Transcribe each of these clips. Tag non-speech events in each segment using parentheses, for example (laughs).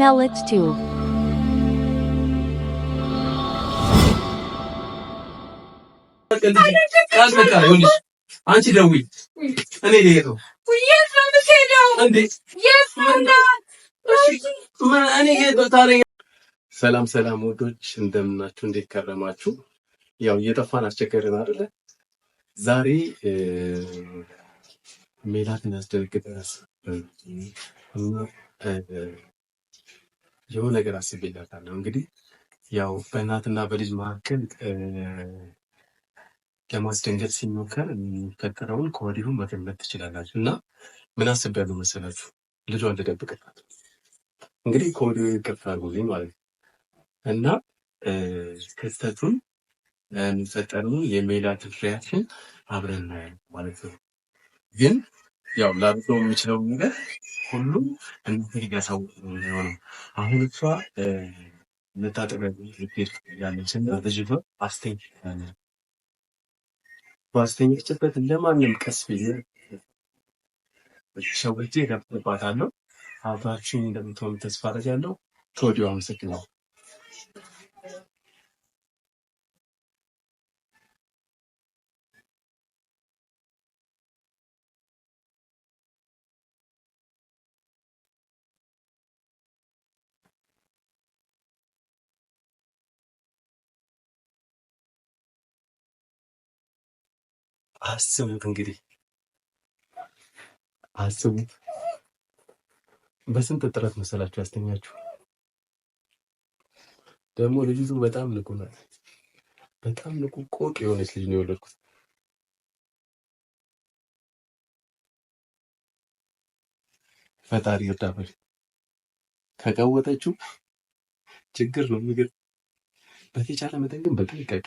Mallet tube. አንቺ ደውዪ። እኔ ልሄደው ሰላም ሰላም ወዶች እንደምናችሁ፣ እንዴት ከረማችሁ? ያው እየጠፋን አስቸገርን አይደለ? ዛሬ ሜላትን ያስደነግጠናል የሆነ ነገር አስቤላታለሁ። እንግዲህ ያው በእናትና በልጅ መካከል ለማስደንገጥ ሲሞከር የሚፈጠረውን ከወዲሁ መገመት ትችላላችሁ። እና ምን አስቤያለሁ መሰላችሁ? ልጇን ልደብቅላት እንግዲህ ከወዲሁ ይቅርታ አድርጉልኝ ማለት ነው እና ክስተቱን የሚፈጠረውን የሜላት ፍሬያችን አብረን ማለት ነው። ግን ያው ላብሎ የሚችለው ነገር ሁሉ እናትህ ሰው የሚሆነው አሁን እሷ ልታጠቢያ ልትሄድ ያለ ስና ልጅቷ አስተኛ ባስተኛችበት እንደማንም ቀስ ብዬ ሰውቼ እደፍርባታለሁ። አብራችሁኝ እንደምትሆኑ ተስፋ አደርጋለሁ። ከወዲሁ አመሰግናለሁ። አስቡት እንግዲህ አስቡት። በስንት ጥረት መሰላችሁ ያስተኛችሁ። ደግሞ ልጅቱ በጣም ንቁ ናት። በጣም ንቁ ቆቅ የሆነች ልጅ ነው የወለድኩት። ፈጣሪ እርዳበል ከቀወጠችው ችግር ነው ምግር። በተቻለ መጠን ግን በጥንቃቄ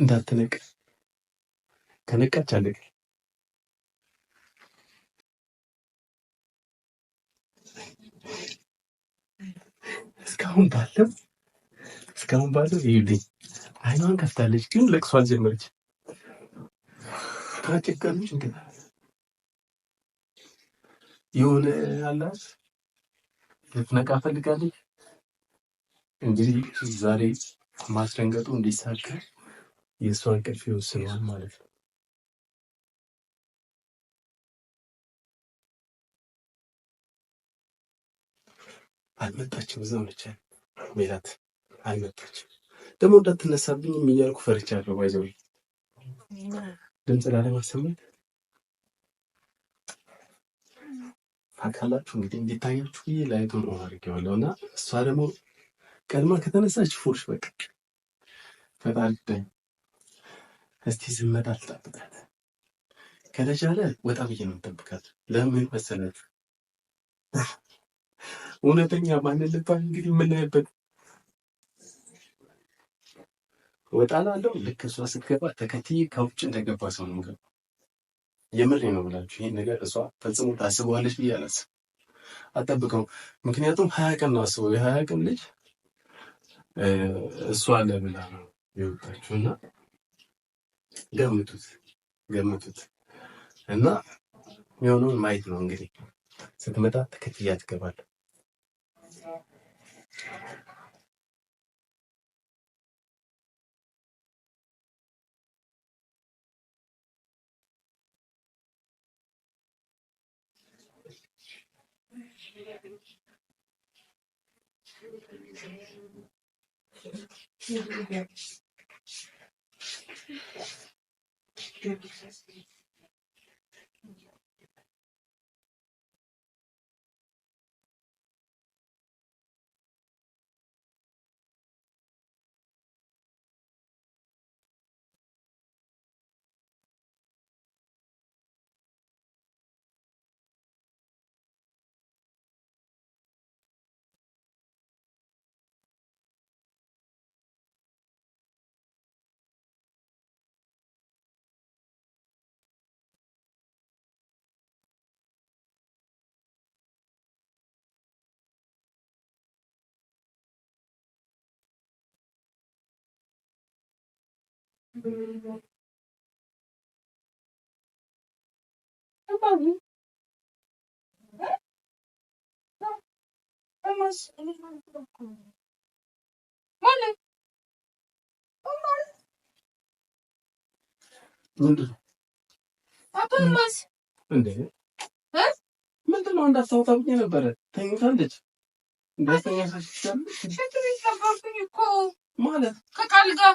እንዳትነቅ ከነቃች አለቀ። እስካሁን ባለው እስካሁን ባለው ይኸውልኝ አይኗን ከፍታለች፣ ግን ለቅሶ አልጀመረች። ታጨቀለች እንደ የሆነ አላት ልትነቃ ፈልጋለች። እንግዲህ ዛሬ ማስደንገጡ እንዲሳካ የእሷ እንቅልፍ ይወስነዋል ማለት ነው። አልመጣችም። እዛው ነች ሜላት። አልመጣችም ደግሞ እንዳትነሳብኝ እያልኩ ፈርቻለሁ። ባይዘ ድምፅ ላለማሰማት ታውቃላችሁ እንግዲህ እንዲታያችሁ ላይቱን ኦፍ አድርጌዋለሁ እና እሷ ደግሞ ቀድማ ከተነሳች ፎሽ በቃ ፈጣሪ ይዳኝ። እስቲ ዝመጣ ልጠብቃት፣ ከተቻለ ወጣ ብዬ ነው የምጠብቃት። ለምን መሰለት እውነተኛ ማንን ልባ እንግዲህ የምናይበት ወጣላ አለው። ልክ እሷ ስትገባ ተከትዬ ከውጭ እንደገባ ሰው ነው ገባ። የምሬ ነው ብላችሁ ይህን ነገር እሷ ፈጽሞ ታስበዋለች ብዬ አላስብም፣ አጠብቀው። ምክንያቱም ሀያ ቀን ነው አስበው። የሀያ ቀን ልጅ እሷ ለብላ ነው የወጣችው እና ገምቱት ገምቱት እና የሆነውን ማየት ነው እንግዲህ። ስትመጣ ተከትያ ትገባል። Gördük. Tamam. Olmaz. Böyle. Olmaz. ምንድን ነው? አባማስ እንዴ እ ምንድን ነው እንዳስታውታ ብዬ ነበረ። ተኝታለች። እንዳስተኛ ሰሽቻለች። ሽንት ቤት ገባብኝ እኮ ማለት ከቃል ጋር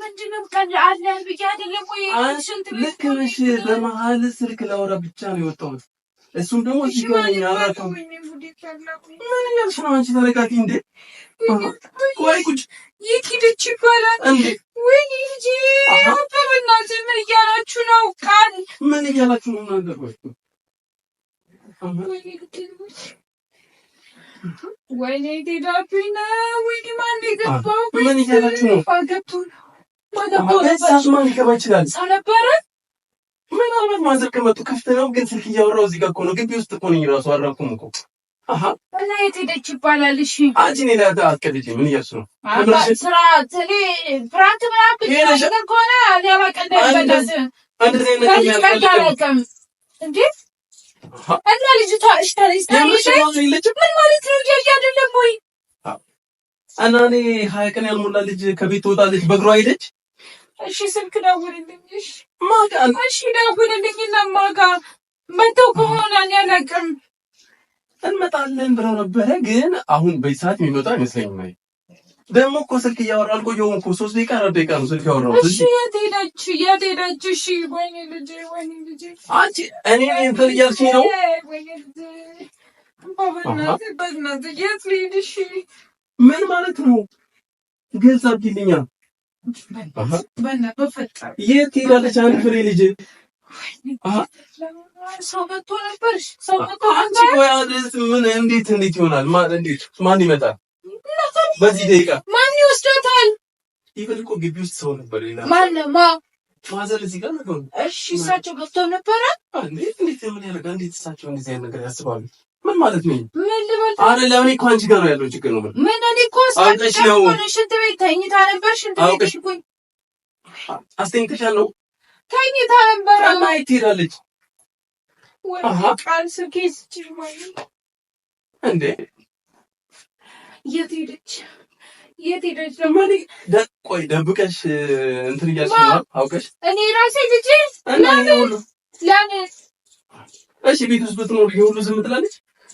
ምንድነው አለ ብዬሽ አይደለም ወይ? ልክ ነሽ። በመሀል ስልክ ላውራ ብቻ ነው የወጣሁት። እሱም ደግሞ እዚህ ጋር ነኝ አላውቅም። ምን እያልሽ ነው አንቺ? ተረጋጊ። እንዴ ወይ ቁጭ የት ሄደች ይባላል እንዴ? ወይኔ ልጄ፣ በእናትህ ምን እያላችሁ ነው? ቃል ምን እያላችሁ ነው እናንተ? ወይኔ ቴዳብኝ ወይኔ ማን ነው ምን እያላችሁ ነው? ገብቶ ነው ሳሽማን ሊገባ ይችላል። ሰው ነበረ። ምናልባት ማዘር ከመጡ ክፍት ነው። ግን ስልክ እያወራሁ እዚህ ጋር እኮ ነው፣ ግቢ ውስጥ እኮ ነኝ። እራሱ አልራኩም እኮ እና የት ሄደች ይባላል? እሺ አንቺ እኔ አትቀልጂ። ምን እያልሽ ነው? እና እና እኔ ሀያ ቀን ያልሞላ ልጅ ከቤት ትወጣለች፣ በእግሯ ሄደች እሺ ስልክ ደውልልኝ። እሺ እሺ ደውልልኝና ማጋ መተው ከሆነ አላውቅም። እንመጣለን ብለው ነበረ፣ ግን አሁን በሰዓት የሚመጣ አይመስለኝም። አይ ደግሞ እኮ ስልክ እያወራ አልቆየሁም እኮ ሶስት ደቂቃ አራት ደቂቃ ነው ስልክ ያወራው። እሺ የት ሄደች? የት ሄደች? እሺ ወይኔ ልጄ፣ ወይኔ ልጄ፣ አንቺ እኔ እንትን እያልሽኝ ነው? በእናትህ የት ልሂድ? እሺ ምን ማለት ነው? ገዛ የት ሄዳለች? አንድ ፍሬ ልጅ እንዴት እንዴት ይሆናል? ማን ይመጣል? በዚህ ደቂቃ ማን ይወስዳታል? ይበል እኮ ግቢ ውስጥ ሰው ነበር። ማዘር እዚህ ጋር ነበሩ። እሺ እሳቸው ገብተው ነበረ። እንዴት ምን ያደርጋል? እንዴት እሳቸው እንደዚህ አይነት ነገር ያስባሉ? ምን ማለት ነው? አረ ለምን እኮ አንቺ ጋር ነው ያለው ችግር ነው። ምን እኔ እኮ አውቀሽ ነው ሽንት ቤት ተኝታ ነበር። ሽንት ቤት እኮ አስተኝተሻለሁ። ተኝታ ነበር። ማየት ትሄዳለች። ቃል ስልኬ ስችል እንዴ የት ሄደች? የት ሄደች ደግሞ? ቆይ ደብቀሽ እንትን እያልሽ ነው አውቀሽ። እኔ ራሴ ልጅ ለምን ለምን? እሺ ቤት ውስጥ ብትኖር የሁሉ ዝም ትላለች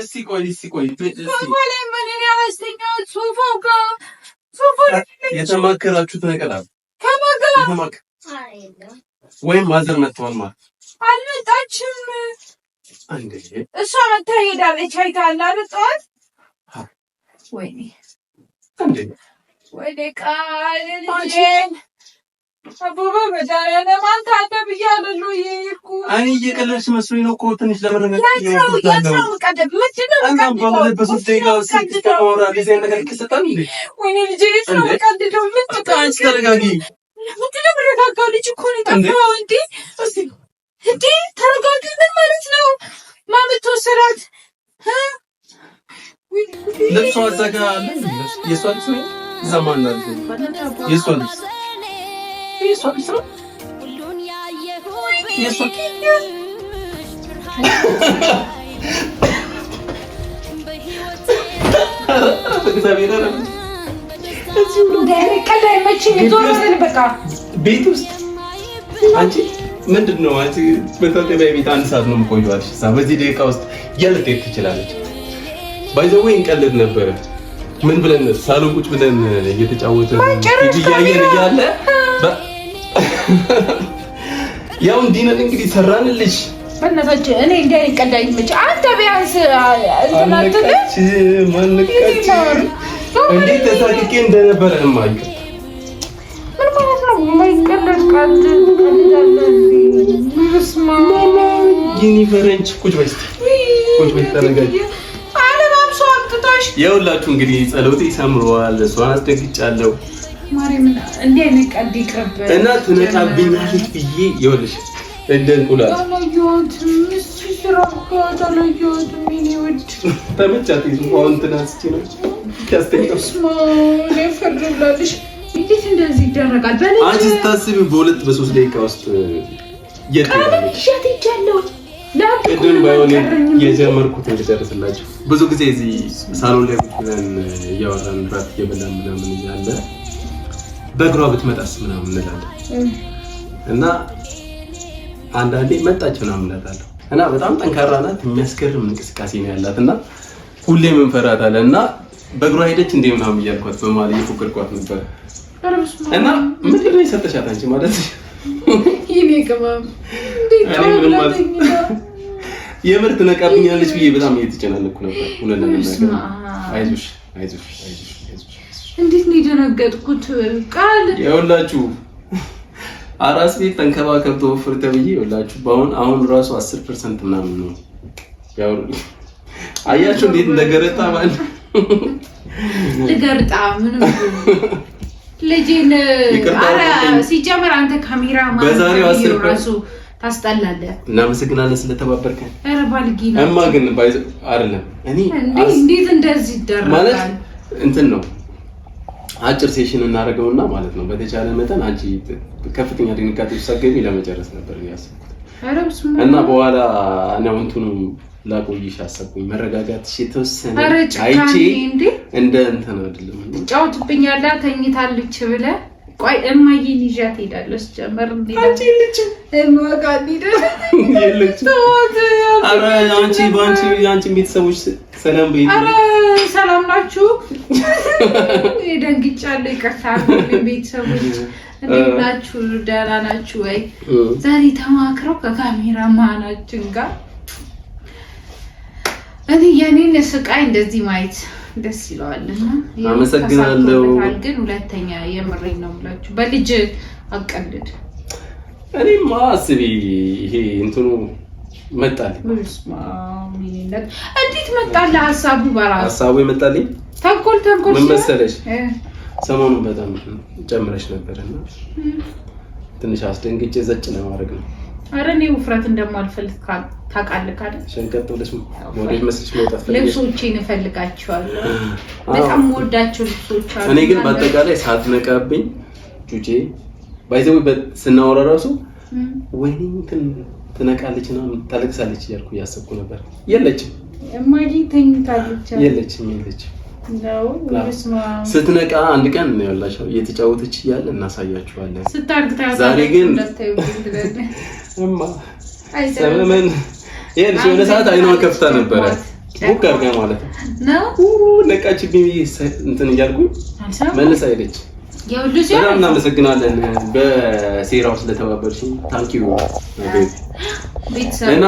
እስቲ ቆይ እስቲ ቆይ የተማከራችሁት ነገር አለ ወይም ማዘር መጥተዋል ማለት አልመጣችም። እሷ መታ ሄዳለች። አይታላ ጠዋት ወይኔ ወይኔ ቃል አበበ መድኃኒዓለም አንተ አለ ብያለሁ። እኔ እየቀለድሽ መስሎኝ ነው እኮ ትንሽ ለመረጋጋት ነው ማለት ነው ቤት ውስጥ አንቺ ምንድን ነው አንቺ መታጠቢያ ቤት አንድ ሰዓት ነው የምቆየው አልሽ። እዛ በዚህ ደቂቃ ውስጥ የልጤት ትችላለች። ባይዘዌ እንቀልድ ነበረ ምን ብለን ሳሎን ቁጭ ብለን እየተጫወተ እያየን እያለ (laughs) ያው እንዲህ ነን እንግዲህ ሰራንልሽ። በእናታችን እኔ እንዲህ አይነት ቀልድ አይመችም። አንተ ቢያንስ እንትን እንዴት ተሳቅቄ እንደነበረ እማዬ ምን ማለት ነው? የማይቀለድ ቀልድ ይህን ፈረንጅ ቁጭ በይ እስኪ ቁጭ በይ ተረጋጊ። የሁላችሁ እንግዲህ ጸሎቴ ሰምረዋል። እሷን አስደግጫለሁ እና ትነቃብኛለች ብዬ ይኸውልሽ፣ እንደ እንቁላል ተመቻት። ስታስቢ በሁለት በሶስት ደቂቃ ውስጥ ቅድም ባይሆን የጀመርኩት እንድጨርስላችሁ ብዙ ጊዜ እዚህ ሳሎን ላይ እያወራን ራት እየበላን ምናምን እያለ በእግሯ ብትመጣስ ምናምን እንላለን እና አንዳንዴ መጣች ምናምን እንላለን እና በጣም ጠንካራ ናት። የሚያስገርም እንቅስቃሴ ነው ያላት እና ሁሌም እንፈራታለን እና በእግሯ ሄደች እንዴ ምናምን እያልኳት በማለት እየፎከርኳት ነበር እና ምክር ነው የሰጠሻት አንቺ ማለት የምርት ትነቃብኛለች ብዬ በጣም እየተጨናነኩ ነበር። አይዞሽ አይዞሽ አይዞሽ እንዴት ነው የደነገጥኩት? ቃል ይኸውላችሁ አራስ ቤት ተንከባከብ ተወፍር ተብዬ ይኸውላችሁ በአሁን አሁን ራሱ 10% ምናምን ነው ያው አያችሁ እንዴት እንደገረጣ ማለት ልገርጣ ምንም ልጄን ሲጀመር አንተ ካሜራ ማለት ራሱ ታስጠላለህ። እናመሰግናለን ስለተባበርከን። ኧረ ባልጌ እማ ግን አይደለም እኔ እንዴት እንደዚህ ይደረጋል ማለት እንትን ነው አጭር ሴሽን እናደርገውና ማለት ነው። በተቻለ መጠን አንቺ ከፍተኛ ድንጋጤ ሳገቢ ለመጨረስ ነበር ያሰብኩት እና በኋላ ነው እንትኑ ላቆይሽ አሰብኩኝ። መረጋጋት የተወሰነ አይቼ እንደ እንትን አይደለም ጫውትብኛላ ተኝታለች ብለህ ቆይ እማዬን ይዣት እሄዳለሁ። ቤተሰቦች ሰላም ሰላም ናችሁ? ደንግጫለሁ። ይቅርታ ቤተሰቦች እንዴት ናችሁ? ደህና ናችሁ ወይ? ዛሬ ተማክረው ከካሜራ ማናችን ጋር እኔ የኔን ስቃይ እንደዚህ ማየት ደስ ይለዋል እና አመሰግናለሁ። ግን ሁለተኛ የምሬን ነው ብላችሁ በልጅ አቀልድ። እኔማ አስቢ ይሄ እንትኑ መጣልኝ። እንዴት መጣልህ ሀሳቡ? በራሱ ሀሳቡ የመጣልኝ ተንኮል ተንኮል ምን መሰለሽ፣ ሰሞኑን በጣም ጨምረሽ ነበርና ትንሽ አስደንግጬ ዘጭ ለማድረግ ነው አረ እኔ ውፍረት እንደማልፈልግ ታውቃለህ ሸንቀጥ ብለሽ ሞዴል መውጣት ፈልገሽ ልብሶቼን እፈልጋቸዋለሁ። በጣም የምወዳቸው ልብሶች አሉ። እኔ ግን በአጠቃላይ ሳትነቃብኝ ጁጄ ባይዘው ስናወራ እራሱ ወይኔ እንትን ትነቃለች ና ታለቅሳለች እያልኩ እያሰብኩ ነበር። የለችም እማዬ ተኝታለች። የለችም የለችም። ስትነቃ አንድ ቀን እናያላቸው እየተጫወተች እያለ እናሳያችኋለን። ዛሬ ግን (laughs) ሰለምን ይሄን ሲሆነ ሰዓት አይኗን ከፍታ ነበረ። ቡክ አድርጋ ማለት ነው ነቃችብኝ ብዬ እንትን እያልኩኝ መልስ አይለች። በጣም እናመሰግናለን በሴራው ስለተባበርሽኝ ታንኪዩ። እና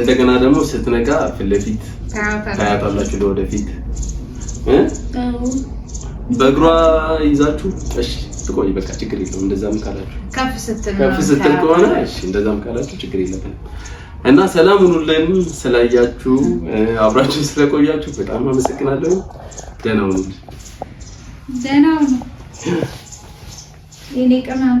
እንደገና ደግሞ ስትነቃ ፊት ለፊት ታያታላችሁ ለወደፊት በእግሯ ይዛችሁ እሺ፣ ትቆይ በቃ ችግር የለም። እንደዛም ካላችሁ ከፍ ስትል ከሆነ እሺ፣ እንደዛም ካላችሁ ችግር የለም። እና ሰላም ሁኑልን። ስላያችሁ አብራችሁ ስለቆያችሁ በጣም አመሰግናለሁ። ደህና ሁኑ፣ ደህና ሁኑ የኔ ቅመም